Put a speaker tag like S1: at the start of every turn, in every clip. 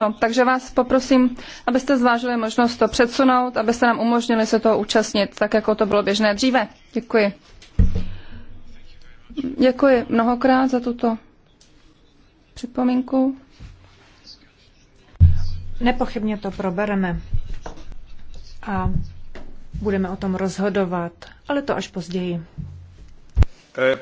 S1: No, takže vás poprosím, abyste zvážili možnost to předsunout, abyste nám umožnili se toho účastnit, tak jako to bylo běžné dříve. Děkuji. Děkuji mnohokrát za tuto připomínku.
S2: Nepochybně to probereme a budeme o tom rozhodovat, ale to až později. E,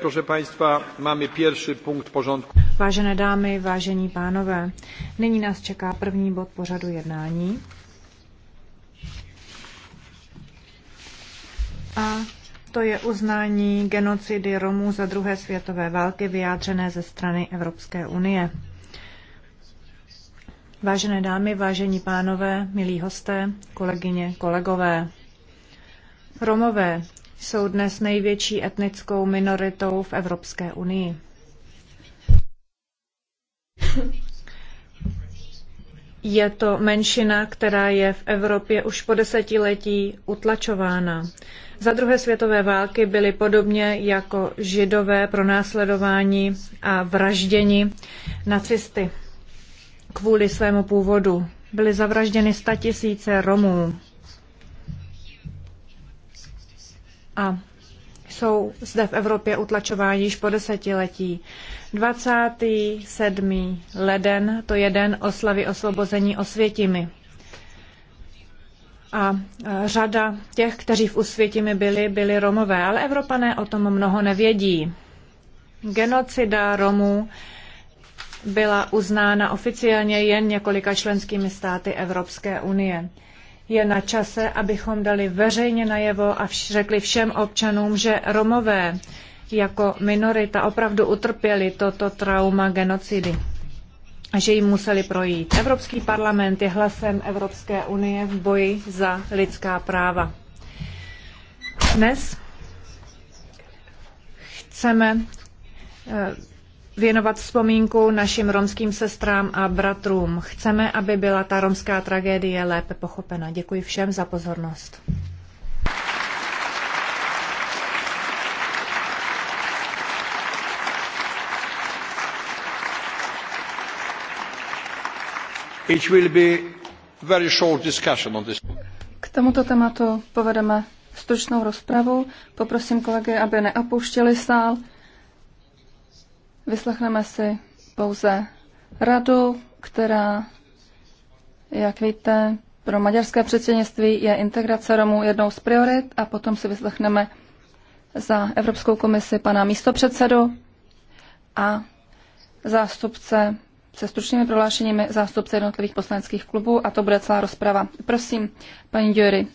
S2: Vážené dámy, vážení pánové, nyní nás čeká první bod pořadu jednání. A to je uznání genocidy Romů za druhé světové války vyjádřené ze strany Evropské unie. Vážené dámy, vážení pánové, milí hosté, kolegyně, kolegové. Romové jsou dnes největší etnickou minoritou v Evropské unii. Je to menšina, která je v Evropě už po desetiletí utlačována. Za druhé světové války byly podobně jako židové pronásledování a vražděni nacisty kvůli svému původu. Byly zavražděny statisíce Romů. a jsou zde v Evropě utlačováni již po desetiletí. 27. leden to je den oslavy osvobození Osvětimi. A e, řada těch, kteří v usvětimi byli, byli Romové, ale Evropané o tom mnoho nevědí. Genocida Romů byla uznána oficiálně jen několika členskými státy Evropské unie je na čase, abychom dali veřejně najevo a vš- řekli všem občanům, že Romové jako minorita opravdu utrpěli toto trauma genocidy že jim museli projít. Evropský parlament je hlasem Evropské unie v boji za lidská práva. Dnes chceme eh, věnovat vzpomínku našim romským sestrám a bratrům. Chceme, aby byla ta romská tragédie lépe pochopena. Děkuji všem za pozornost. It will be very short discussion on this.
S1: K tomuto tématu povedeme stručnou rozpravu. Poprosím kolegy, aby neopouštěli sál. Vyslechneme si pouze radu, která, jak víte, pro maďarské předsednictví je integrace Romů jednou z priorit a potom si vyslechneme za Evropskou komisi pana místopředsedu a zástupce se stručnými prohlášeními zástupce jednotlivých poslaneckých klubů a to bude celá rozprava. Prosím, paní Jury.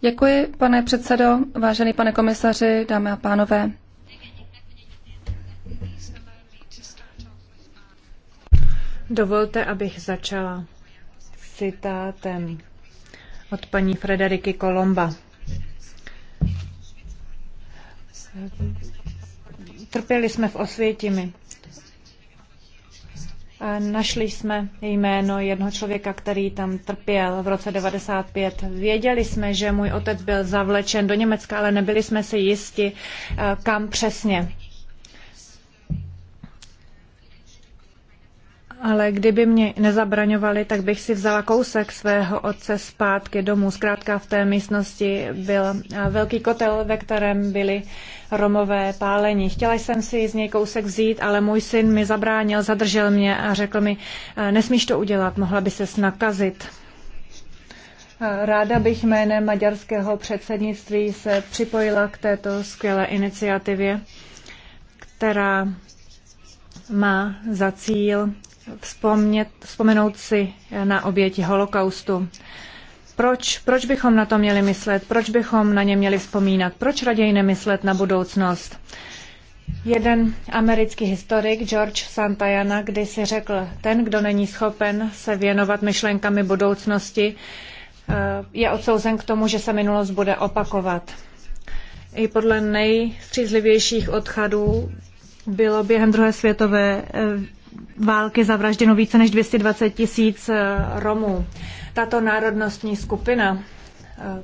S1: Děkuji, pane předsedo, vážený pane komisaři, dámy a pánové.
S2: Dovolte, abych začala citátem od paní Frederiky Kolomba. Trpěli jsme v Osvětimi. Našli jsme jméno jednoho člověka, který tam trpěl v roce 95. Věděli jsme, že můj otec byl zavlečen do Německa, ale nebyli jsme si jisti, eh, kam přesně. ale kdyby mě nezabraňovali, tak bych si vzala kousek svého otce zpátky domů. Zkrátka v té místnosti byl velký kotel, ve kterém byly Romové pálení. Chtěla jsem si z něj kousek vzít, ale můj syn mi zabránil, zadržel mě a řekl mi, nesmíš to udělat, mohla by se nakazit. Ráda bych jménem maďarského předsednictví se připojila k této skvělé iniciativě, která má za cíl vzpomnět, vzpomenout si na oběti holokaustu. Proč, proč bychom na to měli myslet? Proč bychom na ně měli vzpomínat? Proč raději nemyslet na budoucnost? Jeden americký historik George Santayana kdysi řekl, ten, kdo není schopen se věnovat myšlenkami budoucnosti, eh, je odsouzen k tomu, že se minulost bude opakovat. I podle nejstřízlivějších odchadů bylo během druhé světové eh, války zavražděno více než 220 tisíc eh, Romů. Tato národnostní skupina eh,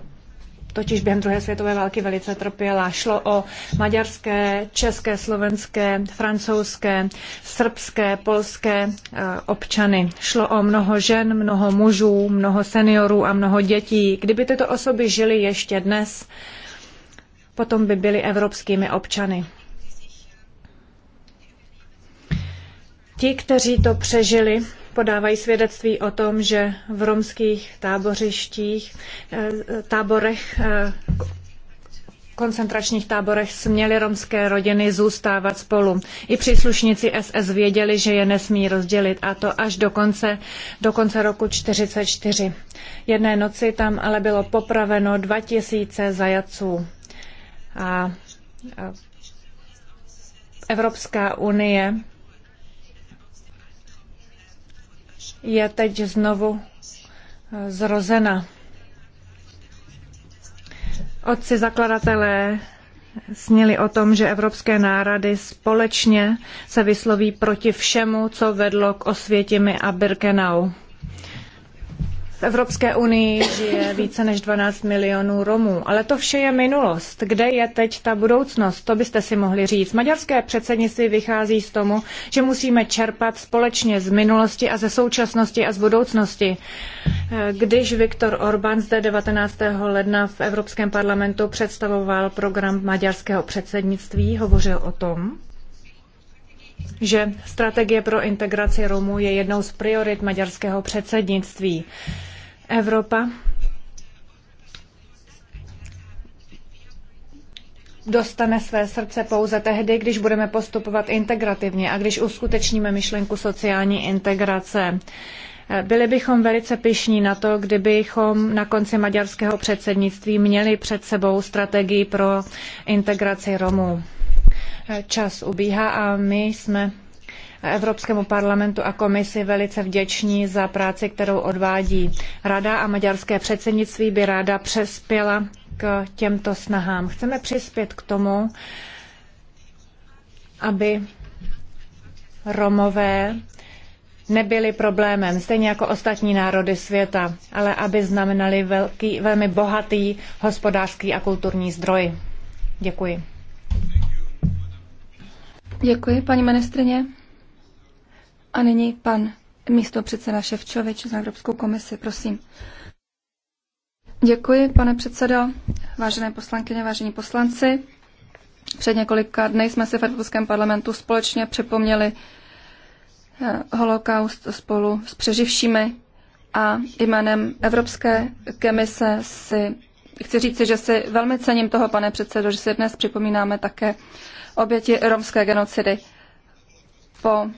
S2: totiž během druhé světové války velice trpěla. Šlo o maďarské, české, slovenské, francouzské, srbské, polské eh, občany. Šlo o mnoho žen, mnoho mužů, mnoho seniorů a mnoho dětí. Kdyby tyto osoby žily ještě dnes, potom by byly evropskými občany. Ti, kteří to přežili, podávají svědectví o tom, že v romských tábořištích, eh, táborech, eh, koncentračních táborech směly romské rodiny zůstávat spolu. I příslušníci SS věděli, že je nesmí rozdělit a to až do konce, do konce roku 1944. Jedné noci tam ale bylo popraveno 2000 zajatců. a Evropská unie je teď znovu eh, zrozena. Otci zakladatelé sněli o tom, že evropské národy společně se vysloví proti všemu, co vedlo k Osvětimi a Birkenau. V Evropské unii žije více než 12 milionů Romů, ale to vše je minulost. Kde je teď ta budoucnost? To byste si mohli říct. Maďarské předsednictví vychází z tomu, že musíme čerpat společně z minulosti a ze současnosti a z budoucnosti. Když Viktor Orbán zde 19. ledna v Evropském parlamentu představoval program maďarského předsednictví, hovořil o tom, že strategie pro integraci Romů je jednou z priorit maďarského předsednictví. Evropa dostane své srdce pouze tehdy, když budeme postupovat integrativně a když uskutečníme myšlenku sociální integrace. Byli bychom velice pišní na to, kdybychom na konci maďarského předsednictví měli před sebou strategii pro integraci Romů. Čas ubíhá a my jsme Evropskému parlamentu a komisi velice vděční za práci, kterou odvádí Rada a maďarské předsednictví by ráda přespěla k těmto snahám. Chceme přispět k tomu, aby Romové nebyli problémem, stejně jako ostatní národy světa, ale aby znamenali velký, velmi bohatý hospodářský a kulturní zdroj. Děkuji.
S1: Děkuji, paní ministrině. A nyní pan místo předseda Ševčovič z Evropskou komisi, prosím. Děkuji, pane předsedo, vážené poslankyně, vážení poslanci. Před několika dny jsme si v Evropském parlamentu společně připomněli eh, holokaust spolu s přeživšími a jménem Evropské komise si chci říci, že si velmi cením toho, pane předsedo, že si dnes připomínáme také oběti romské genocidy. Po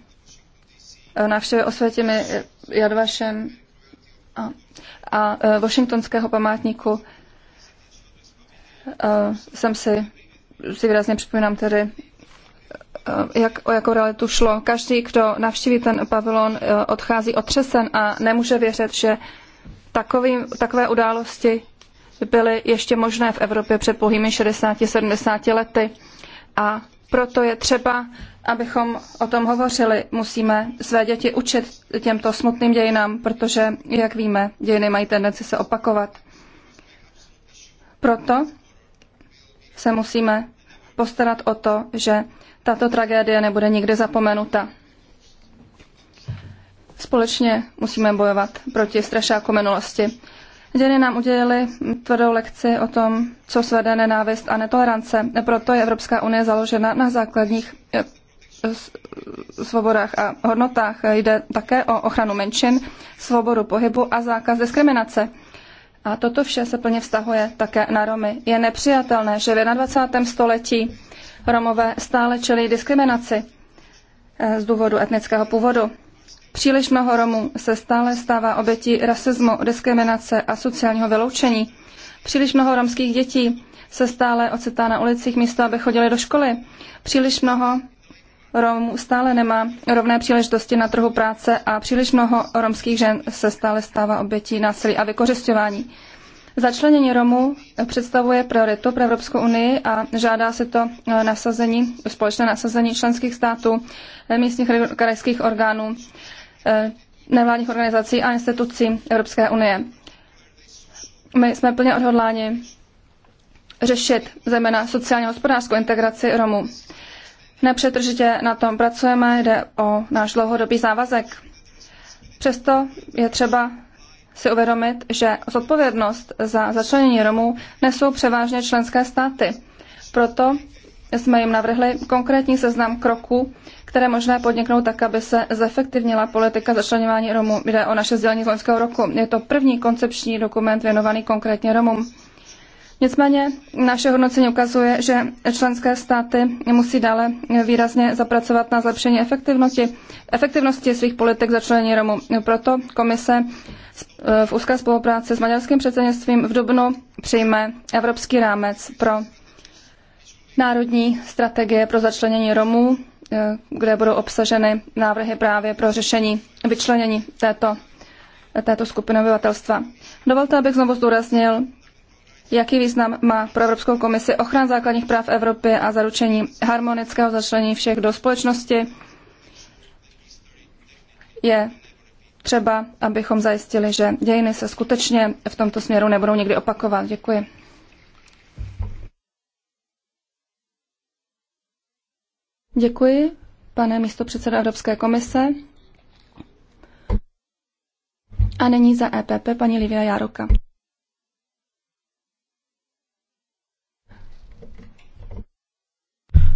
S1: Eh, návštěvy osvětěmi Jadvašem a, a eh, Washingtonského památníku jsem eh, si, si výrazně připomínám tedy, jak, o jakou realitu šlo. Každý, kdo navštíví ten pavilon, odchází otřesen a nemůže věřit, že takový, takové události byly ještě možné v Evropě před pouhými 60-70 lety. A proto je třeba, abychom o tom hovořili. Musíme své děti učit těmto smutným dějinám, protože, jak víme, dějiny mají tendenci se opakovat. Proto se musíme postarat o to, že tato tragédie nebude nikdy zapomenuta. Společně musíme bojovat proti strašáku minulosti. Ženy nám udělili tvrdou lekci o tom, co svede nenávist a netolerance. Proto je Evropská unie založena na základních eh, svobodách a hodnotách. Jde také o ochranu menšin, svobodu pohybu a zákaz diskriminace. A toto vše se plně vztahuje také na Romy. Je nepřijatelné, že v 21. století Romové stále čelí diskriminaci eh, z důvodu etnického původu. Příliš mnoho Romů se stále stává obětí rasismu, diskriminace a sociálního vyloučení. Příliš mnoho romských dětí se stále ocitá na ulicích místo, aby chodili do školy. Příliš mnoho Romů stále nemá rovné příležitosti na trhu práce a příliš mnoho romských žen se stále stává obětí násilí a vykořišťování. Začlenění Romů představuje prioritu pro Evropskou unii a žádá si to eh, nasazení, společné nasazení členských států, eh, místních krajských orgánů Eh, nevládních organizací a institucí Evropské unie. My jsme plně odhodláni řešit zejména sociálně hospodářskou integraci Romů. Nepřetržitě na tom pracujeme, jde o náš dlouhodobý závazek. Přesto je třeba si uvědomit, že zodpovědnost za začlenění Romů nesou převážně členské státy. Proto jsme jim navrhli konkrétní seznam kroků, které možné podniknout tak, aby se zefektivnila politika začlenování Romů. Jde o naše sdělení z loňského roku. Je to první koncepční dokument věnovaný konkrétně Romům. Nicméně naše hodnocení ukazuje, že členské státy musí dále výrazně zapracovat na zlepšení efektivnosti, efektivnosti svých politik začlenění Romů. Proto komise v úzké spolupráci s maďarským předsednictvím v Dubnu přijme evropský rámec pro národní strategie pro začlenění Romů Eh, kde budou obsaženy návrhy právě pro řešení vyčlenění této, této skupiny obyvatelstva. Dovolte, abych znovu zdůraznil, jaký význam má pro Evropskou komisi ochran základních práv Evropy a zaručení harmonického začlenění všech do společnosti. Je třeba, abychom zajistili, že dějiny se skutečně v tomto směru nebudou nikdy opakovat. Děkuji. Děkuji, pane předseda Evropské komise. A nyní za EPP paní Livia Jároka.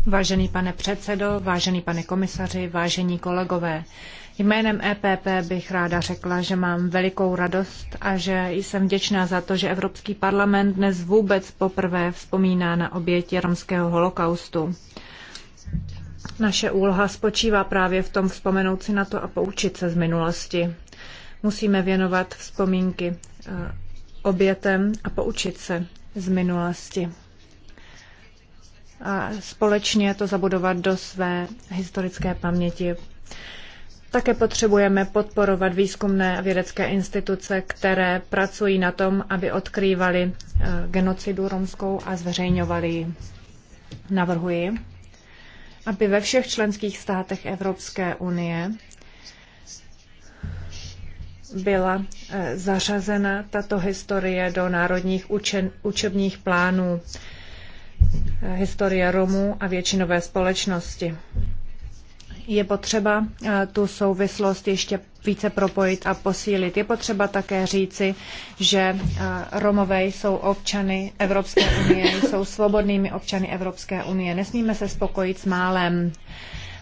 S2: Vážený pane předsedo, vážený pane komisaři, vážení kolegové, jménem EPP bych ráda řekla, že mám velikou radost a že jsem vděčná za to, že Evropský parlament dnes vůbec poprvé vzpomíná na oběti romského holokaustu. Naše úloha spočívá právě v tom vzpomenout si na to a poučit se z minulosti. Musíme věnovat vzpomínky eh, obětem a poučit se z minulosti. A společně to zabudovat do své historické paměti. Také potřebujeme podporovat výzkumné a vědecké instituce, které pracují na tom, aby odkrývali eh, genocidu romskou a zveřejňovali ji. Navrhuji, aby ve všech členských státech Evropské unie byla eh, zařazena tato historie do národních učen, učebních plánů eh, historie Romů a většinové společnosti. Je potřeba eh, tu souvislost ještě více propojit a posílit. Je potřeba také říci, že eh, Romové jsou občany Evropské unie, jsou svobodnými občany Evropské unie. Nesmíme se spokojit s málem.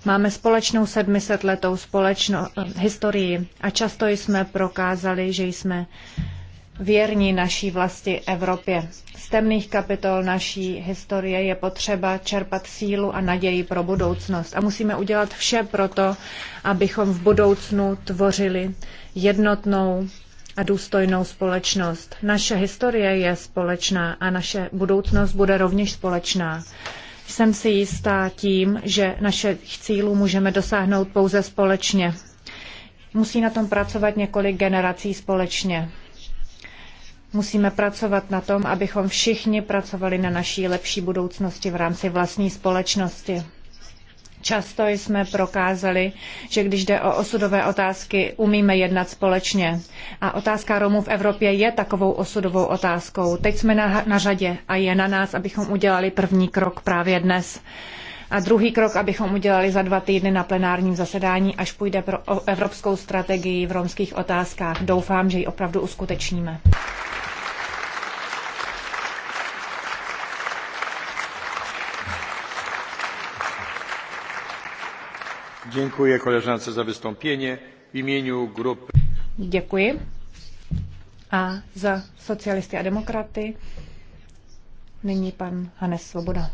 S2: Máme společnou sedmisetletou společno, historii a často jsme prokázali, že jsme věrní naší vlasti Evropě. Z temných kapitol naší historie je potřeba čerpat sílu a naději pro budoucnost. A musíme udělat vše proto, abychom v budoucnu tvořili jednotnou a důstojnou společnost. Naše historie je společná a naše budoucnost bude rovněž společná. Jsem si jistá tím, že našich cílů můžeme dosáhnout pouze společně. Musí na tom pracovat několik generací společně. Musíme pracovat na tom, abychom všichni pracovali na naší lepší budoucnosti v rámci vlastní společnosti. Často jsme prokázali, že když jde o osudové otázky, umíme jednat společně. A otázka Romů v Evropě je takovou osudovou otázkou. Teď jsme na, na řadě a je na nás, abychom udělali první krok právě dnes. A druhý krok, abychom udělali za dva týdny na plenárním zasedání, až půjde pro evropskou strategii v romských otázkách. Doufám, že ji opravdu uskutečníme. Děkuji koleżance za vystoupení v jménu grupy. Děkuji. A za socialisty a demokraty nyní pan Hanes Svoboda.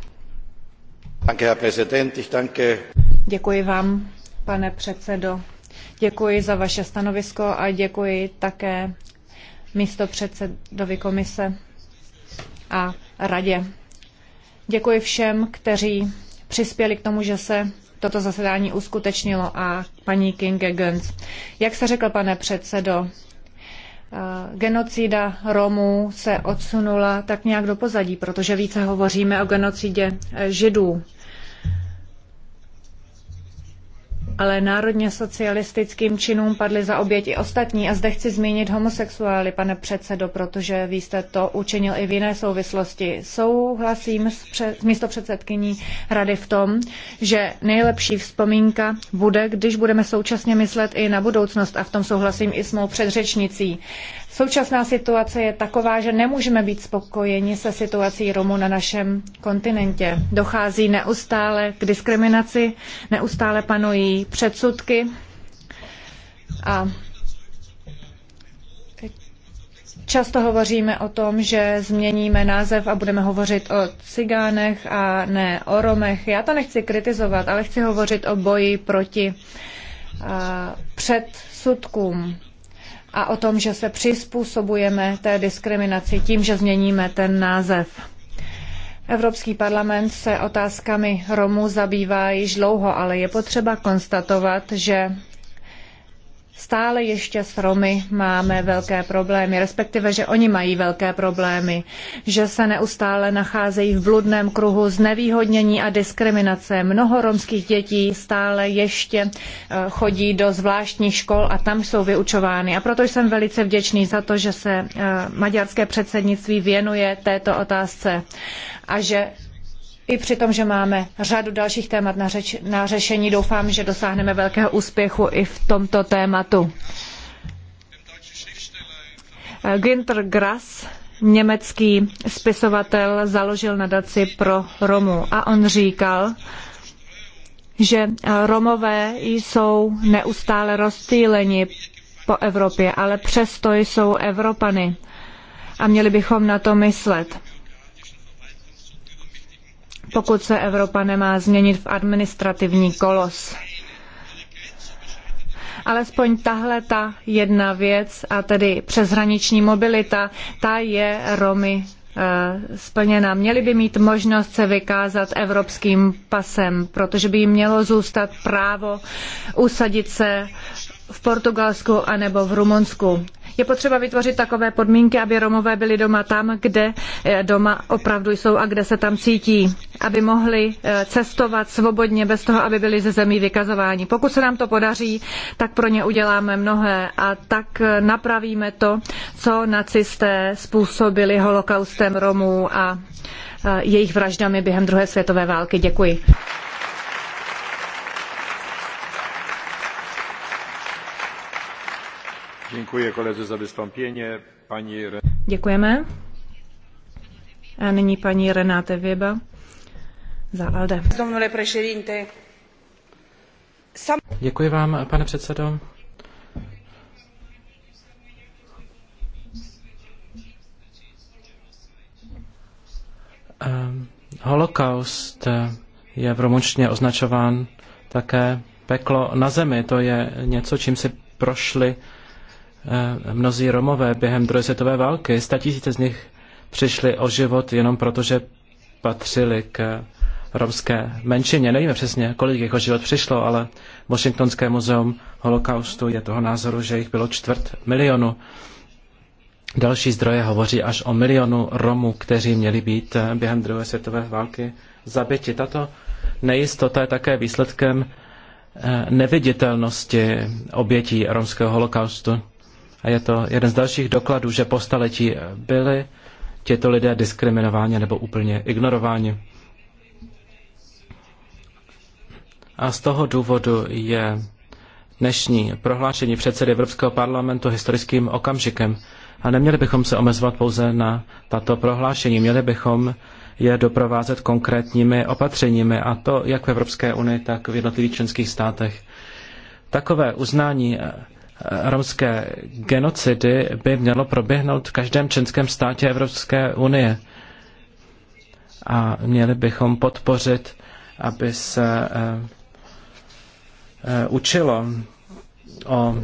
S2: Děkuji vám, pane předsedo. Děkuji za vaše stanovisko a děkuji také místo předsedovi komise a radě. Děkuji všem, kteří přispěli k tomu, že se toto zasedání uskutečnilo a paní Kinge Gönz. Jak se řekl, pane předsedo, eh, genocída Romů se odsunula tak nějak do pozadí, protože více hovoříme o genocidě eh, Židů. ale národně socialistickým činům padly za oběť i ostatní. A zde chci zmínit homosexuály, pane předsedo, protože vy jste to učinil i v jiné souvislosti. Souhlasím s, pře- s místopředsedkyní rady v tom, že nejlepší vzpomínka bude, když budeme současně myslet i na budoucnost a v tom souhlasím i s mou předřečnicí. Současná situace je taková, že nemůžeme být spokojeni se situací Romů na našem kontinentě. Dochází neustále k diskriminaci, neustále panují předsudky a Často hovoříme o tom, že změníme název a budeme hovořit o cigánech a ne o Romech. Já to nechci kritizovat, ale chci hovořit o boji proti předsudkům a o tom, že se přizpůsobujeme té diskriminaci tím, že změníme ten název. Evropský parlament se otázkami Romů zabývá již dlouho, ale je potřeba konstatovat, že stále ještě s Romy máme velké problémy, respektive, že oni mají velké problémy, že se neustále nacházejí v bludném kruhu znevýhodnění a diskriminace. Mnoho romských dětí stále ještě eh, chodí do zvláštních škol a tam jsou vyučovány. A proto jsem velice vděčný za to, že se eh, maďarské předsednictví věnuje této otázce a že i přitom, že máme řadu dalších témat na, řeč, na řešení, doufám, že dosáhneme velkého úspěchu i v tomto tématu. Günter Grass, německý spisovatel, založil nadaci pro Romu a on říkal, že Romové jsou neustále rozstýleni po Evropě, ale přesto jsou Evropany. A měli bychom na to myslet pokud se Evropa nemá změnit v administrativní kolos. Alespoň tahle ta jedna věc, a tedy přeshraniční mobilita, ta je Romy eh, splněna. Měli by mít možnost se vykázat evropským pasem, protože by jim mělo zůstat právo usadit se v Portugalsku anebo v Rumunsku. Je potřeba vytvořit takové podmínky, aby Romové byli doma tam, kde eh, doma opravdu jsou a kde se tam cítí, aby mohli eh, cestovat svobodně bez toho, aby byli ze zemí vykazováni. Pokud se nám to podaří, tak pro ně uděláme mnohé a tak eh, napravíme to, co nacisté způsobili holokaustem Romů a jejich vraždami během druhé světové války. Děkuji. Děkuji Děkujeme. A nyní paní Renate za ALDE.
S3: Děkuji vám, pane předsedo. Ehm, holokaust je v rumunštině označován také peklo na zemi. To je něco, čím si prošli Eh, mnozí Romové během druhé světové války. Statisíce z nich přišli o život jenom proto, že patřili k romské menšině. Nevíme přesně, kolik jich o život přišlo, ale Washingtonské muzeum holokaustu je toho názoru, že jich bylo čtvrt milionu. Další zdroje hovoří až o milionu Romů, kteří měli být eh, během druhé světové války zabiti. Tato nejistota je také výsledkem eh, neviditelnosti obětí romského holokaustu. A je to jeden z dalších dokladů, že po staletí byli těto lidé diskriminováni nebo úplně ignorováni. A z toho důvodu je dnešní prohlášení předsedy Evropského parlamentu historickým okamžikem. A neměli bychom se omezovat pouze na tato prohlášení, měli bychom je doprovázet konkrétními opatřeními, a to jak v Evropské unii, tak v jednotlivých členských státech. Takové uznání romské genocidy by mělo proběhnout v každém členském státě Evropské unie. A měli bychom podpořit, aby se eh, eh, učilo o,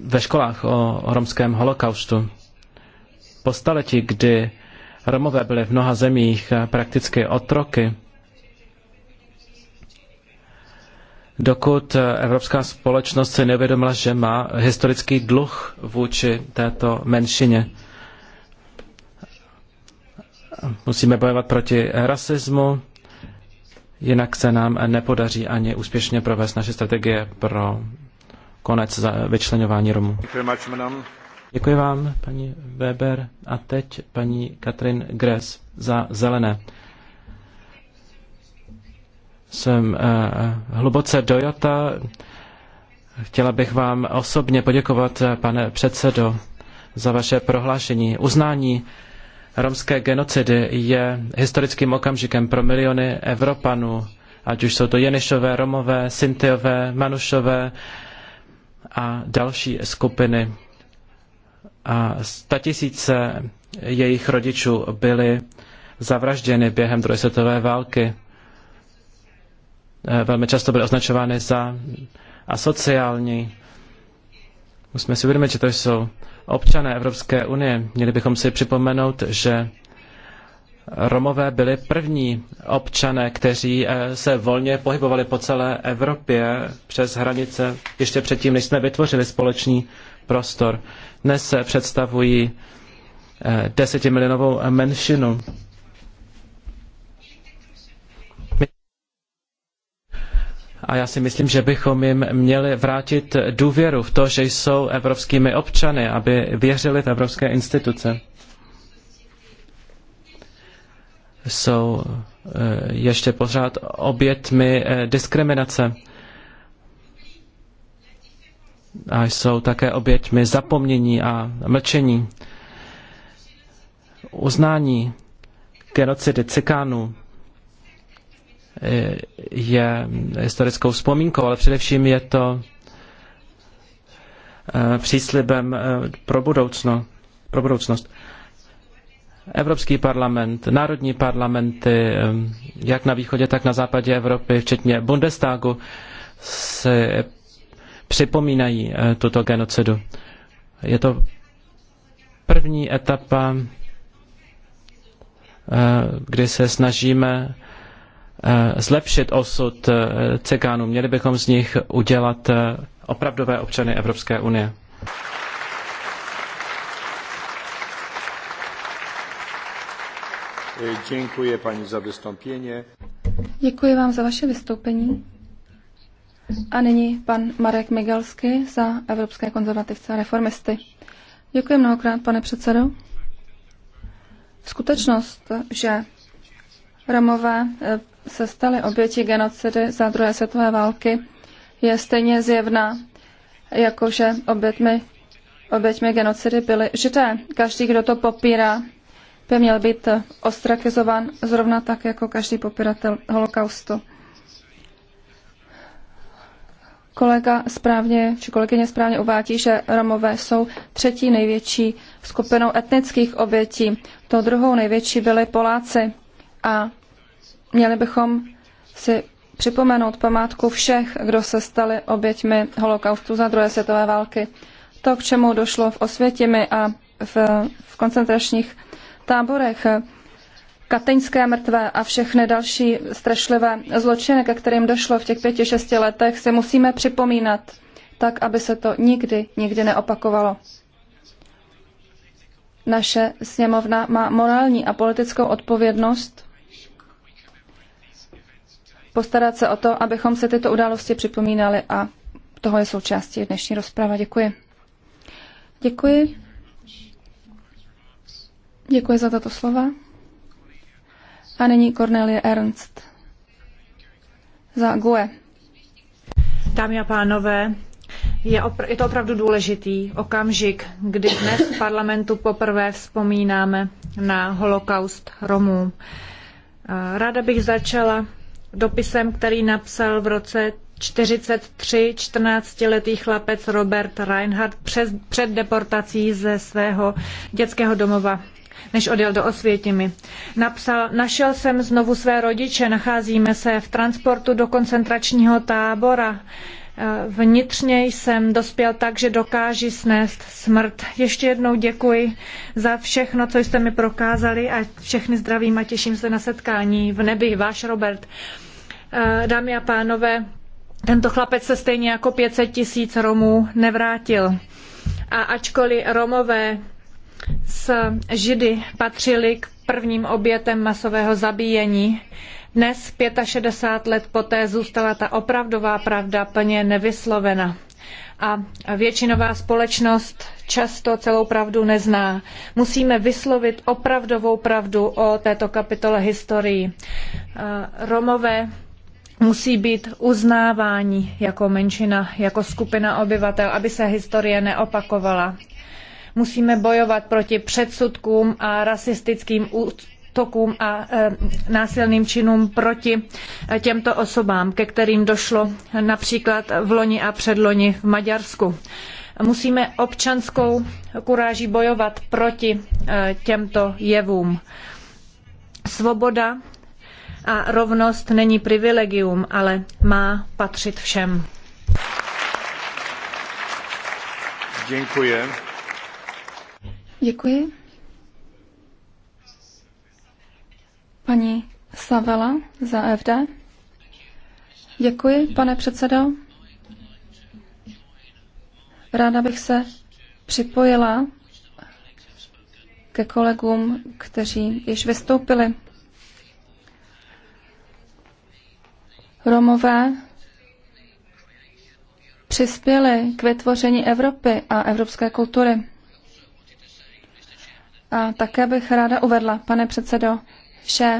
S3: ve školách o, o romském holokaustu. Po staletí, kdy Romové byli v mnoha zemích eh, prakticky otroky, dokud evropská společnost si neuvědomila, že má historický dluh vůči této menšině. Musíme bojovat proti rasismu, jinak se nám nepodaří ani úspěšně provést naše strategie pro konec za vyčlenování Romů. Děkuji vám, paní Weber. A teď paní Katrin Gress za zelené jsem eh, eh, hluboce dojata. Chtěla bych vám osobně poděkovat, eh, pane předsedo, za vaše prohlášení. Uznání romské genocidy je historickým okamžikem pro miliony Evropanů, ať už jsou to Jenišové, Romové, Sintiové, Manušové a další skupiny. A statisíce jejich rodičů byly zavražděny během druhé světové války. Eh, velmi často byly označovány za asociální. Musíme si uvědomit, že to jsou občané Evropské unie. Měli bychom si připomenout, že Romové byli první občané, kteří eh, se volně pohybovali po celé Evropě přes hranice, ještě předtím, než jsme vytvořili společný prostor. Dnes se představují eh, desetimilionovou menšinu a já si myslím, že bychom jim měli vrátit důvěru v to, že jsou evropskými občany, aby věřili v evropské instituce. Jsou eh, ještě pořád obětmi eh, diskriminace a jsou také oběťmi zapomnění a mlčení. Uznání genocidy cikánů je historickou vzpomínkou, ale především je to eh, příslibem eh, pro, budoucno, pro budoucnost. Evropský parlament, národní parlamenty, eh, jak na východě, tak na západě Evropy, včetně Bundestagu, si připomínají tuto genocidu. Je to první etapa, kdy se snažíme Eh, zlepšit osud eh, cigánů. Měli bychom z nich udělat eh, opravdové občany Evropské unie.
S2: Děkuji paní za vystoupení.
S1: Děkuji vám za vaše vystoupení. A nyní pan Marek Migalsky za Evropské konzervativce a reformisty. Děkuji mnohokrát, pane předsedo. Skutečnost, že Romové se staly oběti genocidy za druhé světové války, je stejně zjevná, jakože oběťmi, oběťmi genocidy byly židé. Každý, kdo to popírá, by měl být ostrakizován zrovna tak, jako každý popíratel holokaustu. Kolega správně, či kolegyně správně uvádí, že Romové jsou třetí největší skupinou etnických obětí. To druhou největší byly Poláci a Měli bychom si připomenout památku všech, kdo se stali oběťmi holokaustu za druhé světové války. To, k čemu došlo v Osvětimi a v, v koncentračních táborech, Kateňské mrtvé a všechny další strašlivé zločiny, ke kterým došlo v těch pěti, šesti letech, si musíme připomínat, tak, aby se to nikdy, nikdy neopakovalo. Naše sněmovna má morální a politickou odpovědnost postarat se o to, abychom se tyto události připomínali a toho je součástí dnešní rozprava. Děkuji. Děkuji. Děkuji za tato slova. A nyní Cornelie
S2: Ernst za GUE. Dámy a pánové, je, je to opravdu důležitý okamžik, kdy dnes v parlamentu poprvé vzpomínáme na holokaust Romů. Ráda bych začala dopisem, který napsal v roce 43 14-letý chlapec Robert Reinhardt přes, před deportací ze svého dětského domova než odjel do Osvětimi. Napsal, našel jsem znovu své rodiče, nacházíme se v transportu do koncentračního tábora. Vnitřně jsem dospěl tak, že dokáži snést smrt. Ještě jednou děkuji za všechno, co jste mi prokázali a všechny zdravím a těším se na setkání v nebi. Váš Robert. Eh, dámy a pánové, tento chlapec se stejně jako 500 tisíc Romů nevrátil. A ačkoliv Romové s Židy patřili k prvním obětem masového zabíjení, dnes, 65 let poté, zůstala ta opravdová pravda plně nevyslovena. A většinová společnost často celou pravdu nezná. Musíme vyslovit opravdovou pravdu o této kapitole historii. Romové musí být uznáváni jako menšina, jako skupina obyvatel, aby se historie neopakovala musíme bojovat proti předsudkům a rasistickým útokům a e, násilným činům proti e, těmto osobám, ke kterým došlo například v loni a předloni v Maďarsku. Musíme občanskou kuráží bojovat proti e, těmto jevům. Svoboda a rovnost není privilegium, ale má patřit všem. Děkuji.
S1: Děkuji. Paní Savela za FD. Děkuji, pane předsedo. Ráda bych se připojila ke kolegům, kteří již vystoupili. Romové přispěli k vytvoření Evropy a evropské kultury. A také bych ráda uvedla, pane předsedo, že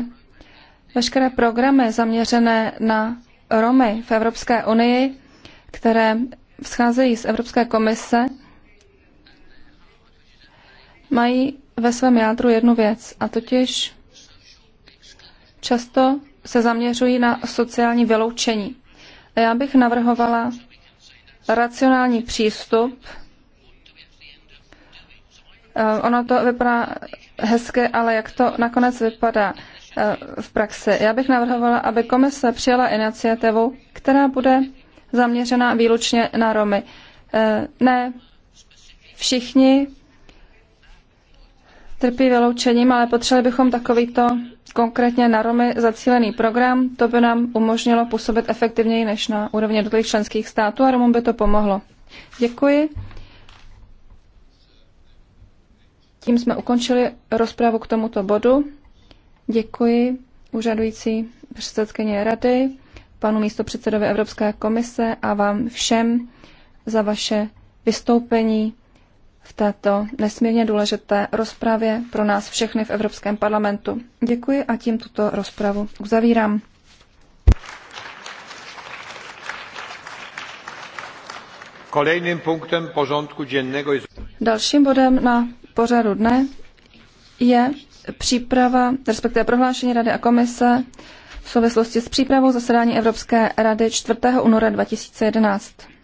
S1: veškeré programy zaměřené na Romy v Evropské unii, které vzcházejí z Evropské komise, mají ve svém jádru jednu věc, a totiž často se zaměřují na sociální vyloučení. Já bych navrhovala racionální přístup Eh, ono to vypadá hezky, ale jak to nakonec vypadá eh, v praxi? Já bych navrhovala, aby komise přijala iniciativu, která bude zaměřena výlučně na Romy. Eh, ne všichni trpí vyloučením, ale potřebovali bychom takovýto konkrétně na Romy zacílený program. To by nám umožnilo působit efektivněji než na úrovni jednotlivých členských států a Romům by to pomohlo. Děkuji. Tím jsme ukončili rozpravu k tomuto bodu. Děkuji úřadující předsedkyně rady, panu místopředsedovi Evropské komise a vám všem za vaše vystoupení v této nesmírně důležité rozpravě pro nás všechny v Evropském parlamentu. Děkuji a tím tuto rozpravu uzavírám.
S2: Kolejným punktem
S1: Dalším bodem na pořadu dne je příprava, respektive prohlášení Rady a komise v souvislosti s přípravou zasedání Evropské rady 4. února 2011.